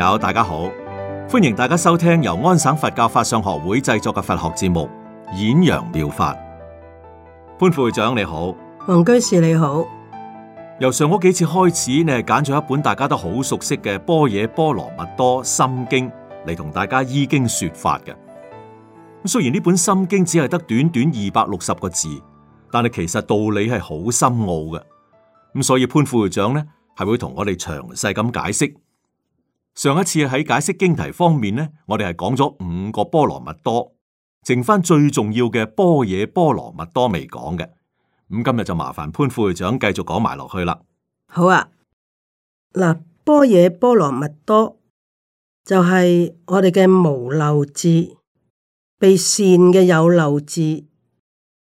友大家好，歡迎大家收聽由安省佛教法相學會製作嘅佛學節目《演揚妙，妙法》。潘副會長你好，黃居士你好。由上嗰幾次開始，你係揀咗一本大家都好熟悉嘅《般若波羅蜜多心經》嚟同大家依經說法嘅。咁雖然呢本心經只係得短短二百六十個字，但係其實道理係好深奧嘅。咁所以潘副會長呢係會同我哋詳細咁解釋。上一次喺解釋經題方面呢，我哋係講咗五個波羅蜜多，剩翻最重要嘅般若波羅蜜多未講嘅，咁今日就麻煩潘副會長繼續講埋落去啦。好啊，嗱，般若波羅蜜多就係我哋嘅無漏智，被善嘅有漏智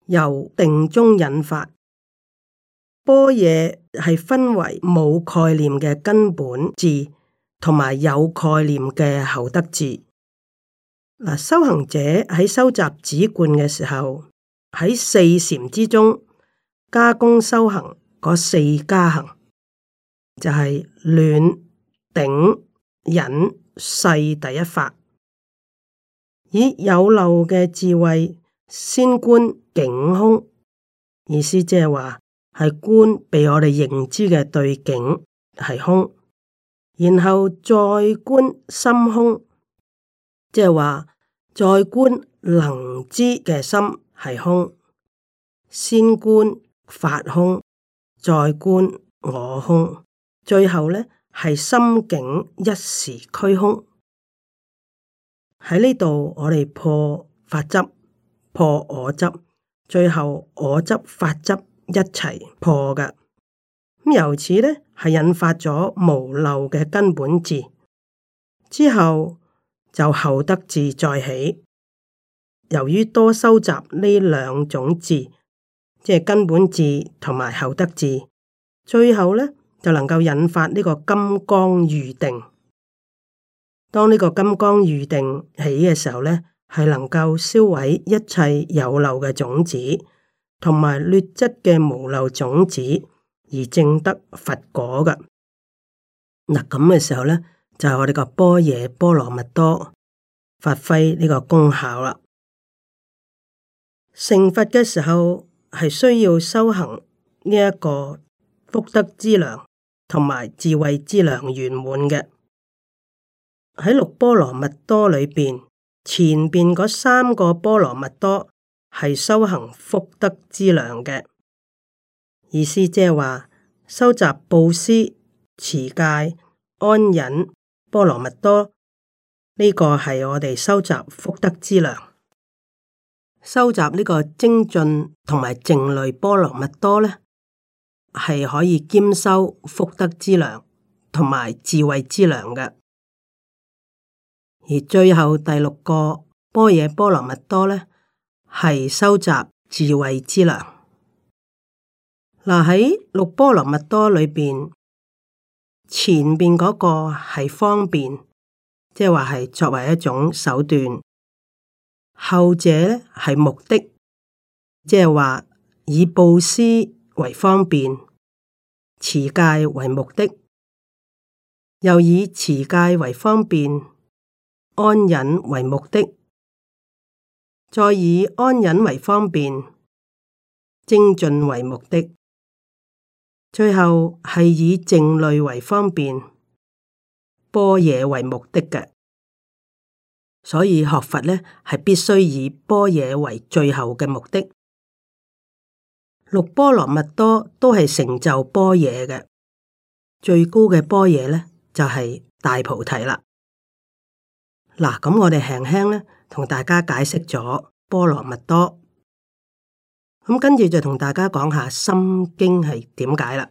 由定中引發。般若係分為冇概念嘅根本智。同埋有概念嘅後德智嗱，修行者喺收集止觀嘅時候，喺四禪之中加功修行嗰四加行，就係暖頂忍世第一法，以有漏嘅智慧先觀境空，意思即係話，係觀被我哋認知嘅對境係空。然後再觀心空，即係話再觀能知嘅心係空，先觀法空，再觀我空，最後咧係心境一時俱空。喺呢度我哋破法執、破我執，最後我執、法執一齊破噶。咁由此咧。係引發咗無漏嘅根本智之後，就後得智再起。由於多收集呢兩種字，即係根本智同埋後得智，最後呢，就能夠引發呢個金剛喻定。當呢個金剛喻定起嘅時候呢，係能夠銷毀一切有漏嘅種子同埋劣質嘅無漏種子。而正得佛果嘅。嗱，咁嘅時候咧，就係、是、我哋個般若波羅蜜多發揮呢個功效啦。成佛嘅時候係需要修行呢一個福德之糧同埋智慧之糧圓滿嘅。喺六波羅蜜多裏邊，前邊嗰三個波羅蜜多係修行福德之糧嘅。意思即係話，收集布施、持戒、安忍、波羅蜜多，呢、這個係我哋收集福德之糧；收集呢個精進同埋靜慮波羅蜜多，呢係可以兼收福德之糧同埋智慧之糧嘅。而最後第六個般若波羅蜜多，呢係收集智慧之糧。嗱，喺六波羅蜜多裏邊，前邊嗰個係方便，即係話係作為一種手段；後者係目的，即係話以布施為方便，持戒為目的，又以持戒為方便，安忍為目的，再以安忍為方便，精進為目的。最後係以靜慮為方便，般若為目的嘅，所以學佛呢，係必須以般若為最後嘅目的。六波羅蜜多都係成就般若嘅，最高嘅般若呢，就係、是、大菩提啦。嗱，咁我哋輕輕呢，同大家解釋咗波羅蜜多。咁跟住就同大家講下《心經》係點解啦。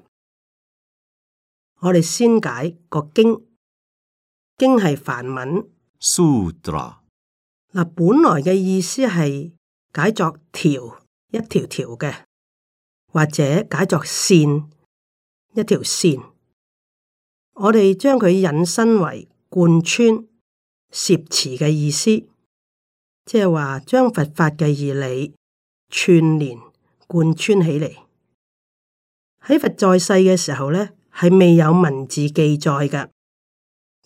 我哋先解個經，經係梵文 sutra，嗱，本來嘅意思係解作條，一條條嘅，或者解作線，一條線。我哋將佢引申為貫穿攝持嘅意思，即係話將佛法嘅義理串聯貫穿起嚟，喺佛在世嘅時候呢，係未有文字記載嘅，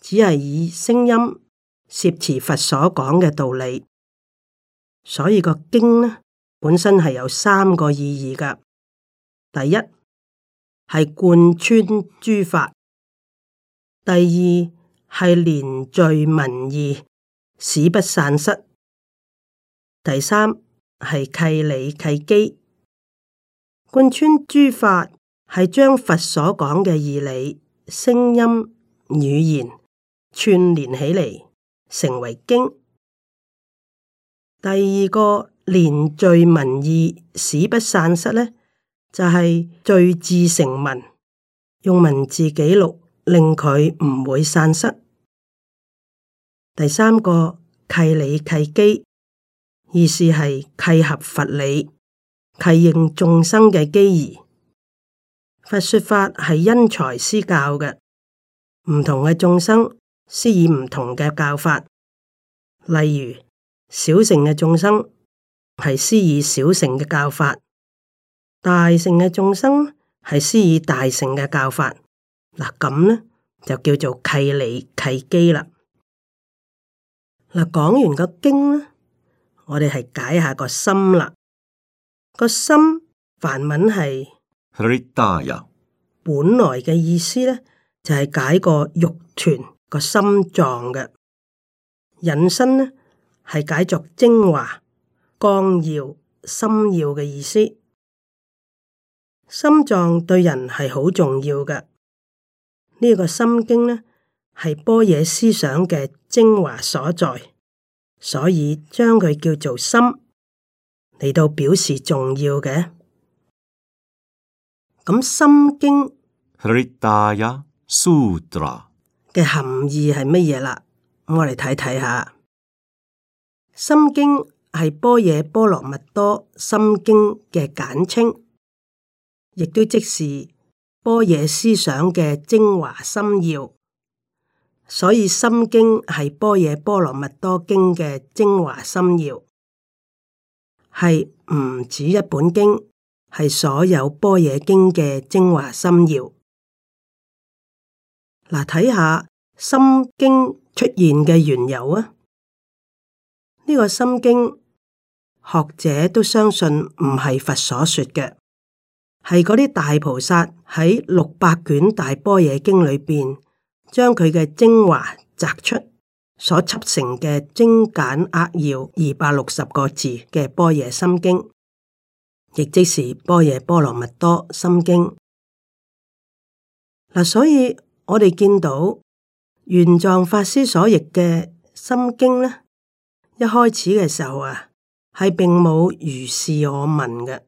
只係以聲音攝持佛所講嘅道理。所以個經呢，本身係有三個意義嘅：第一係貫穿諸法，第二係連綴文義，使不散失；第三係契理契機。貫穿諸法係將佛所講嘅義理、聲音、語言串連起嚟，成為經。第二個連綴文義，使不散失呢，就係聚字成文，用文字記錄，令佢唔會散失。第三個契理契機，意思係契合佛理。契應眾生嘅機宜，佛說法係因材施教嘅，唔同嘅眾生施以唔同嘅教法。例如小乘嘅眾生係施以小乘嘅教法，大乘嘅眾生係施以大乘嘅教法。嗱，咁咧，就叫做契理契機啦。嗱，講完個經啦，我哋係解下個心啦。個心梵文係，ah. 本來嘅意思咧，就係解個肉團個心臟嘅，引申咧係解作精華、光耀、心耀嘅意思。心臟對人係好重要嘅，呢、這個心經咧係般若思想嘅精華所在，所以將佢叫做心。嚟到表示重要嘅，咁《心經》嘅含義係乜嘢啦？我嚟睇睇下，《心經》係般若波羅蜜多心經嘅簡稱，亦都即是般若思想嘅精華心要，所以《心經》係般若波羅蜜多經嘅精華心要。係唔止一本經，係所有般若經嘅精華心要。嗱，睇下心經出現嘅緣由啊！呢、這個心經學者都相信唔係佛所說嘅，係嗰啲大菩薩喺六百卷大般若經裏邊將佢嘅精華摘出。所輯成嘅精簡扼要二百六十個字嘅《般若心經》，亦即是《般若波羅蜜多心經》啊。嗱，所以我哋見到玄奘法師所譯嘅《心經》呢，一開始嘅時候啊，係並冇如是我聞嘅。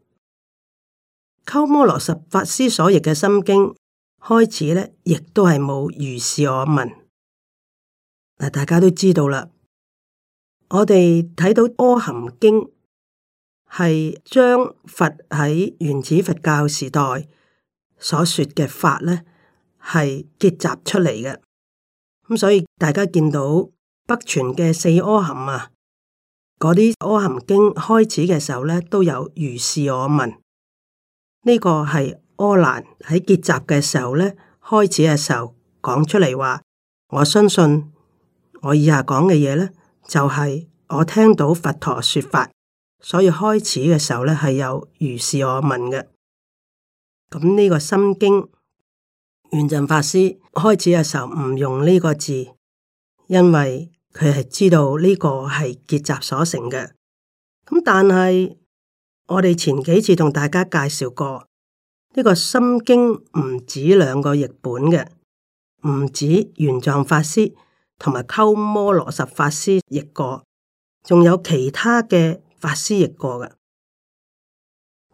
鳩摩羅什法師所譯嘅《心經》，開始呢，亦都係冇如是我聞。大家都知道啦。我哋睇到《阿含經》係將佛喺原始佛教時代所說嘅法咧，係結集出嚟嘅。咁所以大家見到北傳嘅四阿含啊，嗰啲《阿含經》開始嘅時候咧，都有如是我聞呢，這個係阿難喺結集嘅時候咧，開始嘅時候講出嚟話，我相信。我以下講嘅嘢咧，就係、是、我聽到佛陀說法，所以開始嘅時候咧係有如是我聞嘅。咁呢個心經，玄奘法師開始嘅時候唔用呢個字，因為佢係知道呢個係結集所成嘅。咁但係我哋前幾次同大家介紹過，呢、這個心經唔止兩個譯本嘅，唔止玄奘法師。同埋鳩摩羅什法師譯過，仲有其他嘅法師譯過嘅。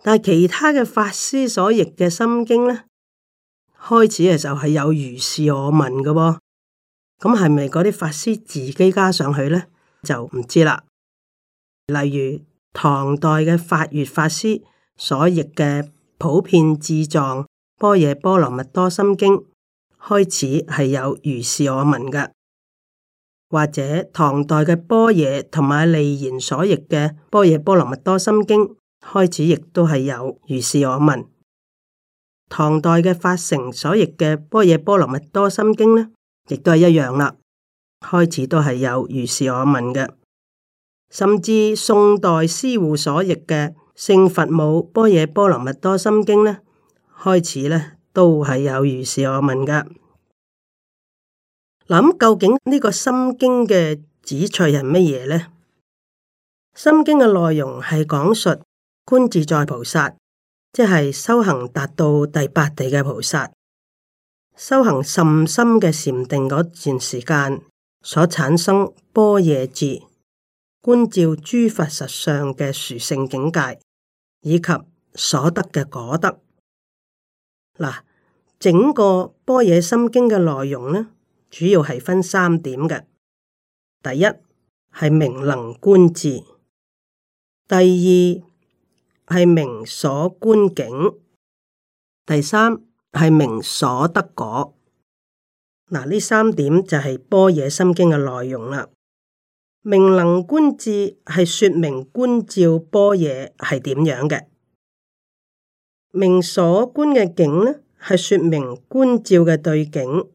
但係其他嘅法師所譯嘅《心經》呢，開始嘅時候係有如是我聞嘅喎，咁係咪嗰啲法師自己加上去咧，就唔知啦。例如唐代嘅法月法師所譯嘅《普遍智藏般若波羅蜜多心經》，開始係有如是我聞嘅。或者唐代嘅般若同埋利言所譯嘅《般若波羅蜜多心經》開始亦都係有如是我聞。唐代嘅法成所譯嘅《般若波羅蜜多心經》呢，亦都係一樣啦，開始都係有如是我聞嘅。甚至宋代施護所譯嘅《聖佛母般若波羅蜜多心經》呢，開始呢都係有如是我聞嘅。諗究竟呢，這個心經嘅旨趣係乜嘢呢？心經嘅內容係講述觀自在菩薩，即係修行達到第八地嘅菩薩，修行甚深嘅禪定嗰段時間所產生般若智，觀照諸法實相嘅殊勝境界以及所得嘅果德。嗱，整個般若心經嘅內容呢？主要係分三點嘅，第一係明能觀智，第二係明所觀景，第三係明所得果。嗱，呢三點就係般若心經嘅內容啦。明能觀智係說明觀照般若係點樣嘅，明所觀嘅景呢，係說明觀照嘅對景。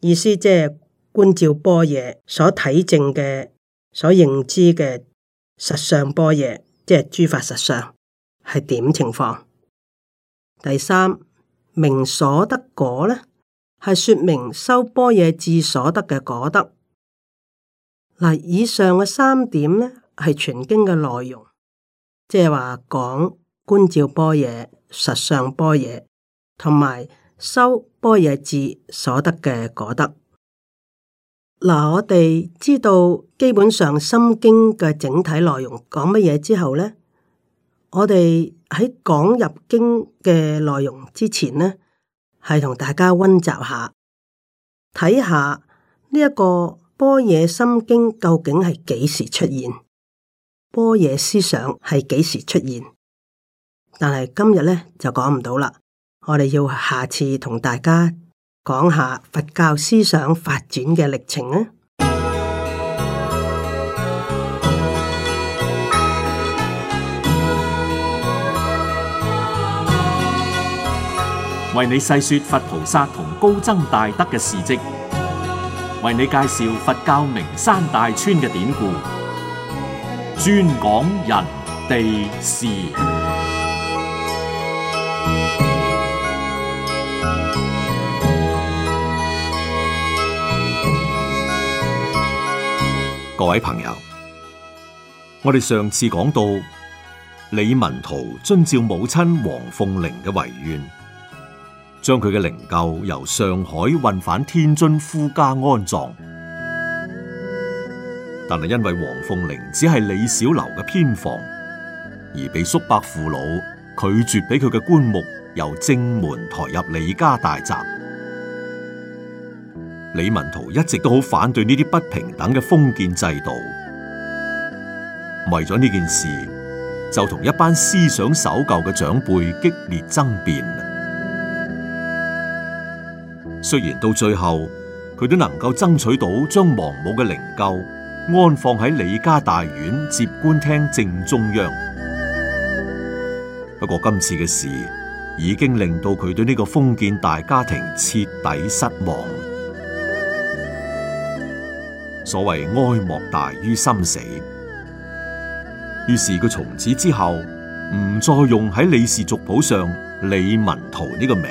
意思即係觀照般若所體證嘅、所認知嘅實相般若，即係諸法實相係點情況？第三明所得果呢？係說明修般若至所得嘅果德。嗱，以上嘅三點呢係全經嘅內容，即係話講觀照般若實相般若同埋修。般若智所得嘅果德。嗱，我哋知道基本上心經嘅整體內容講乜嘢之後咧，我哋喺講入經嘅內容之前咧，係同大家溫習下，睇下呢一個般若心經究竟係幾時出現，般若思想係幾時出現，但係今日咧就講唔到啦。我哋要下次同大家講下佛教思想發展嘅歷程啦。為你細說佛菩薩同高僧大德嘅事跡，為你介紹佛教名山大川嘅典故，專講人地事。各位朋友，我哋上次講到李文濤遵照母親王鳳玲嘅遺願，將佢嘅靈柩由上海運返天津夫家安葬，但係因為王鳳玲只係李小樓嘅偏房，而被叔伯父老拒絕俾佢嘅棺木由正門抬入李家大宅。李文濤一直都好反對呢啲不平等嘅封建制度，為咗呢件事就同一班思想守舊嘅長輩激烈爭辯。雖然到最後佢都能夠爭取到將亡母嘅靈柩安放喺李家大院接官廳正中央，不過今次嘅事已經令到佢對呢個封建大家庭徹底失望。所謂哀莫大於心死，於是佢從此之後唔再用喺李氏族譜上李文濤呢、這個名，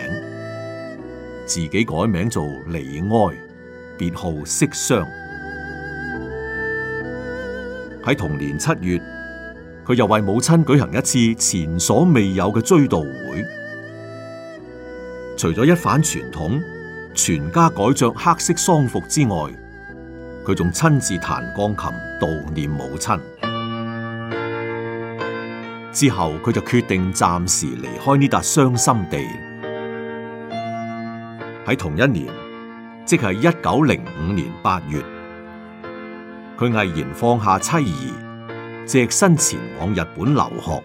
自己改名做李哀，別號息霜。喺同年七月，佢又為母親舉行一次前所未有嘅追悼會，除咗一反傳統，全家改着黑色喪服之外。佢仲親自彈鋼琴悼念母親，之後佢就決定暫時離開呢笪傷心地。喺同一年，即係一九零五年八月，佢毅然放下妻兒，隻身前往日本留學，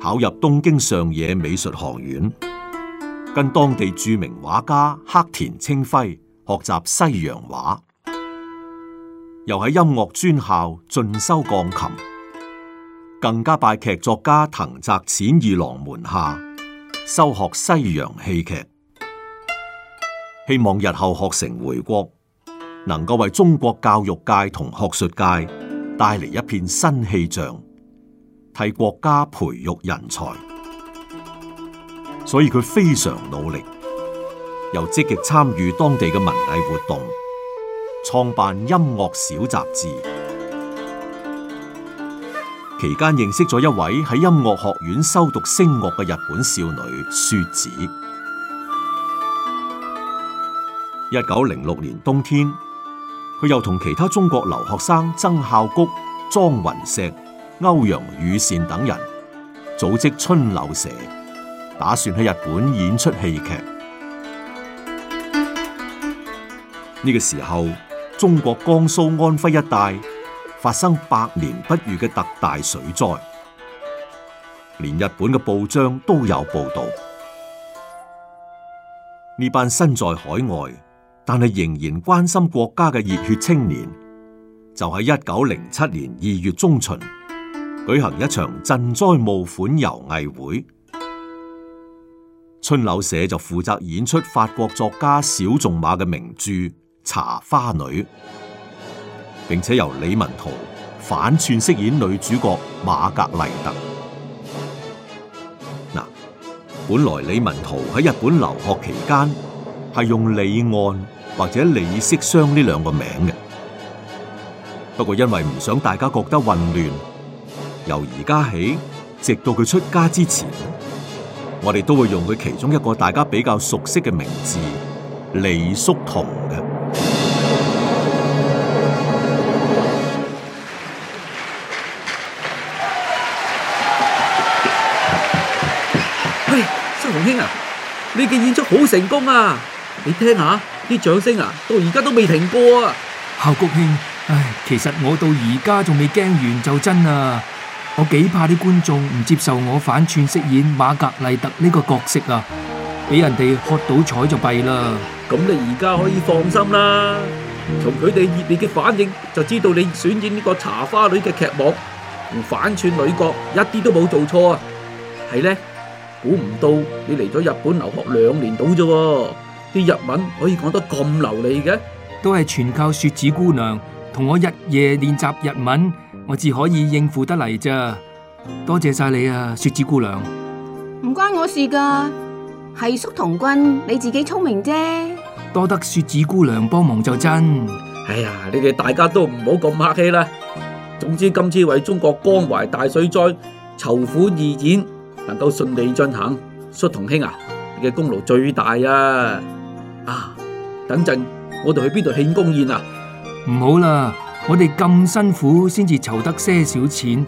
考入東京上野美術學院，跟當地著名畫家黑田清輝學習西洋畫。又喺音樂專校進修鋼琴，更加拜劇作家藤澤淺二郎門下修學西洋戲劇，希望日後學成回國，能夠為中國教育界同學術界帶嚟一片新氣象，替國家培育人才。所以佢非常努力，又積極參與當地嘅文藝活動。創辦音樂小雜誌期間，認識咗一位喺音樂學院修讀聲樂嘅日本少女雪子。一九零六年冬天，佢又同其他中國留學生曾孝谷、莊雲石、歐陽予倩等人組織春柳社，打算喺日本演出戲劇。呢、這個時候。中國江蘇安徽一帶發生百年不遇嘅特大水災，連日本嘅報章都有報道。呢班身在海外但係仍然關心國家嘅熱血青年，就喺一九零七年二月中旬舉行一場賑災募款遊藝會。春柳社就負責演出法國作家小仲馬嘅名著。茶花女，並且由李文濤反串飾演女主角瑪格麗特。嗱，本來李文濤喺日本留學期間係用李岸或者李息霜呢兩個名嘅，不過因為唔想大家覺得混亂，由而家起直到佢出家之前，我哋都會用佢其中一個大家比較熟悉嘅名字李叔同嘅。.洪兄啊，你嘅演出好成功啊！你聽下啲掌聲啊，到而家都未停過啊！孝谷兄，唉，其實我到而家仲未驚完就真啊！我幾怕啲觀眾唔接受我反串飾演瑪格麗特呢個角色啊，俾人哋喝到彩就弊啦，嗯！咁你而家可以放心啦，從佢哋熱烈嘅反應就知道你選演呢個茶花女嘅劇目，同反串女角一啲都冇做錯啊！係咧。估唔到你嚟咗日本留學兩年度啫，啲日文可以講得咁流利嘅，都係全靠雪子姑娘同我日夜練習日文，我至可以應付得嚟咋。多謝晒你啊，雪子姑娘。唔關我事噶，係叔同君你自己聰明啫。多得雪子姑娘幫忙就真。哎呀，你哋大家都唔好咁客氣啦。總之今次為中國江淮大水災籌款而演，能夠順利進行，叔同兄啊，你嘅功勞最大啊！啊，等陣我哋去邊度慶功宴啊？唔好啦，我哋咁辛苦先至籌得些少錢，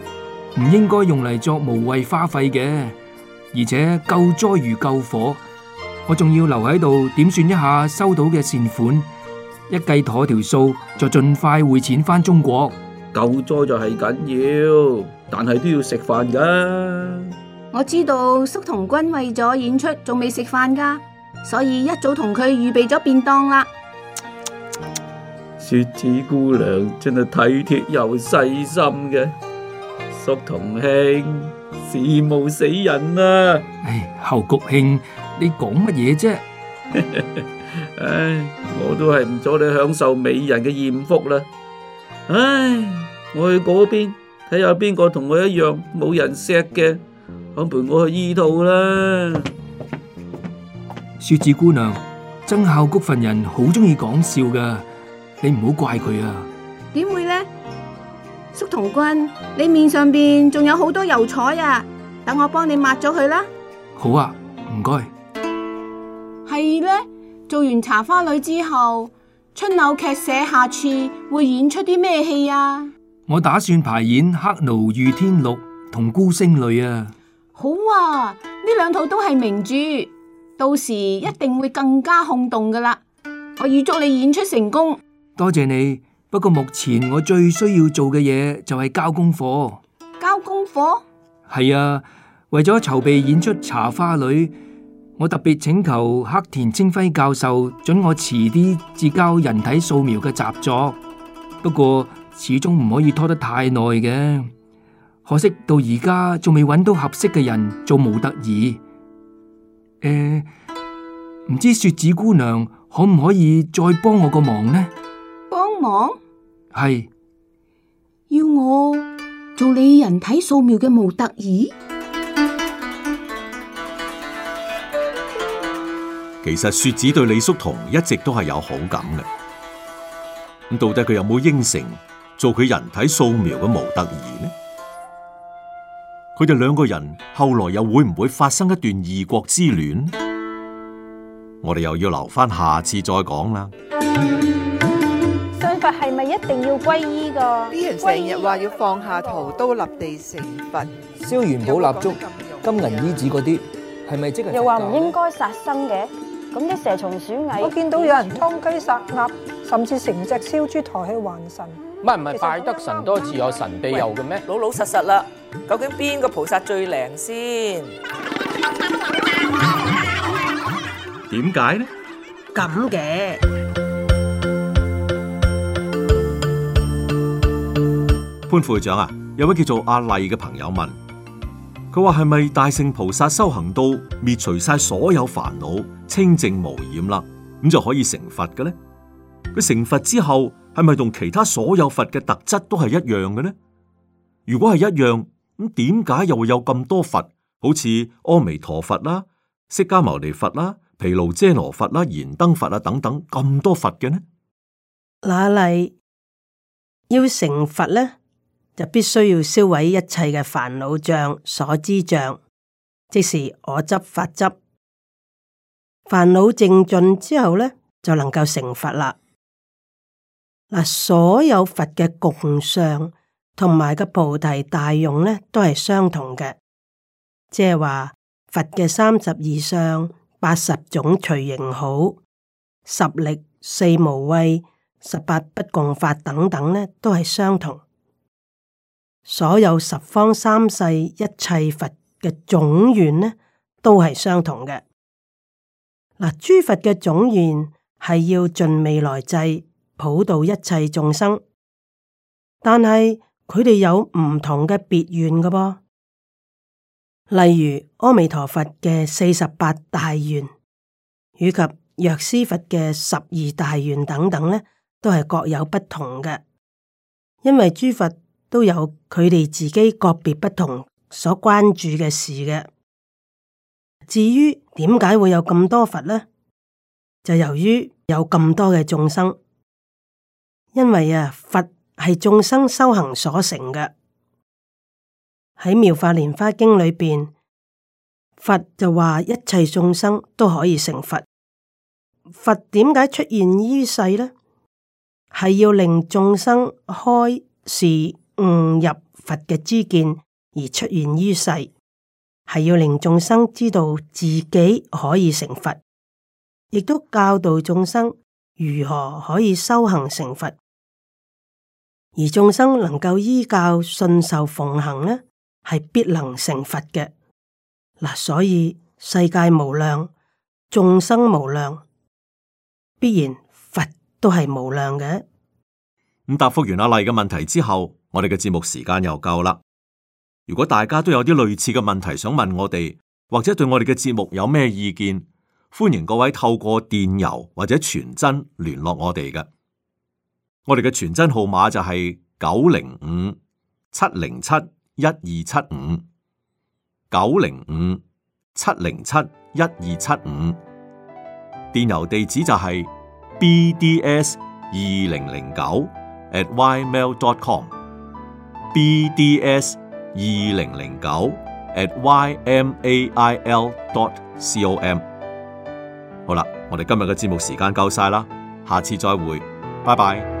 唔應該用嚟作無謂花費嘅。而且救災如救火，我仲要留喺度點算一下收到嘅善款，一計妥條數就盡快匯錢翻中國。救災就係緊要，但係都要食飯噶。我知道叔同君為咗演出仲未食飯噶，所以一早同佢預備咗便當啦。雪子姑娘真係體貼又細心嘅，叔同兄，羨慕死人啊！唉、哎，侯國興，你講乜嘢啫？ 唉，我都係唔阻你享受美人嘅艷福啦。唉，我去嗰邊睇下邊個同我一樣冇人錫嘅。肯陪我去醫道啦，雪子姑娘。曾孝谷份人好中意講笑噶，你唔好怪佢啊。點會呢？叔同君，你面上邊仲有好多油彩呀，等我幫你抹咗佢啦。好啊，唔該。係 呢楽，做完茶花女之後，春柳劇社下次會演出啲咩戲啊？ 我打算排演《黑奴籲天錄》同《孤星女》啊。好啊，呢兩套都係名著，到時一定會更加轟動噶啦！我預祝你演出成功，多謝你。不過目前我最需要做嘅嘢就係交功課，交功課。係啊，為咗籌備演出《茶花女》，我特別請求黑田清輝教授准我遲啲至交人體素描嘅習作，不過始終唔可以拖得太耐嘅。可惜到而家仲未搵到合適嘅人做模特兒，誒、欸，唔知雪子姑娘可唔可以再幫我個忙呢？幫忙係是要我做你人體素描嘅模特兒？其實雪子對李叔同一直都係有好感嘅，咁到底佢有冇應承做佢人體素描嘅模特兒呢？佢哋兩個人後來又會唔會發生一段異國之戀？我哋又要留翻，下次再講啦。信佛係咪一定要皈依噶？呢啲人成日話要放下屠刀，立地成佛，燒元寶蠟燭、金銀衣紙嗰啲，係咪即係？又話唔應該殺生嘅，咁啲蛇蟲鼠蟻，我見到有人劏雞殺鴨，甚至成隻燒豬抬去還神。唔唔係，拜得神多自有神庇佑嘅咩？老老實實啦，究竟邊個菩薩最靈先？點解呢？咁嘅潘副會長啊，有位叫做阿麗嘅朋友問，佢話係咪大聖菩薩修行到滅除晒所有煩惱，清淨無染啦，咁就可以成佛嘅呢？佢成佛之後。係咪同其他所有佛嘅特質都係一樣嘅呢？如果係一樣，咁點解又會有咁多佛？好似阿彌陀佛啦、釋迦牟尼佛啦、毗盧遮羅佛啦、燃燈佛啦等等咁多佛嘅呢？嗱，你要成佛呢，就必須要銷毀一切嘅煩惱障、所知障。即是我執、法執。煩惱淨盡之後呢，就能夠成佛啦。嗱，所有佛嘅共相同埋個菩提大用咧，都係相同嘅。即係話佛嘅三十二相、八十種隨形好、十力、四無畏、十八不共法等等咧，都係相同。所有十方三世一切佛嘅總願咧，都係相同嘅。嗱，諸佛嘅總願係要盡未來際，普渡一切眾生，但係佢哋有唔同嘅別願㗎噃，例如阿彌陀佛嘅四十八大願，以及藥師佛嘅十二大願等等呢，都係各有不同嘅。因為諸佛都有佢哋自己個別不同所關注嘅事嘅。至於點解會有咁多佛呢？就由於有咁多嘅眾生。因為啊，佛係眾生修行所成嘅。喺《妙法蓮花經》裏邊，佛就話一切眾生都可以成佛。佛點解出現於世呢？係要令眾生開示悟入佛嘅知見而出現於世，係要令眾生知道自己可以成佛，亦都教導眾生如何可以修行成佛。而眾生能夠依教信受奉行呢，係必能成佛嘅。嗱，所以世界無量，眾生無量，必然佛都係無量嘅。咁答復完阿麗嘅問題之後，我哋嘅節目時間又夠啦。如果大家都有啲類似嘅問題想問我哋，或者對我哋嘅節目有咩意見，歡迎各位透過電郵或者傳真聯絡我哋嘅。我哋嘅傳真號碼就係九零五七零七一二七五九零五七零七一二七五。電郵地址就係 bds 二零零九 at ymail dot com bds 二零零九 at ymail dot com 好啦，我哋今日嘅節目時間夠晒啦，下次再會，拜拜。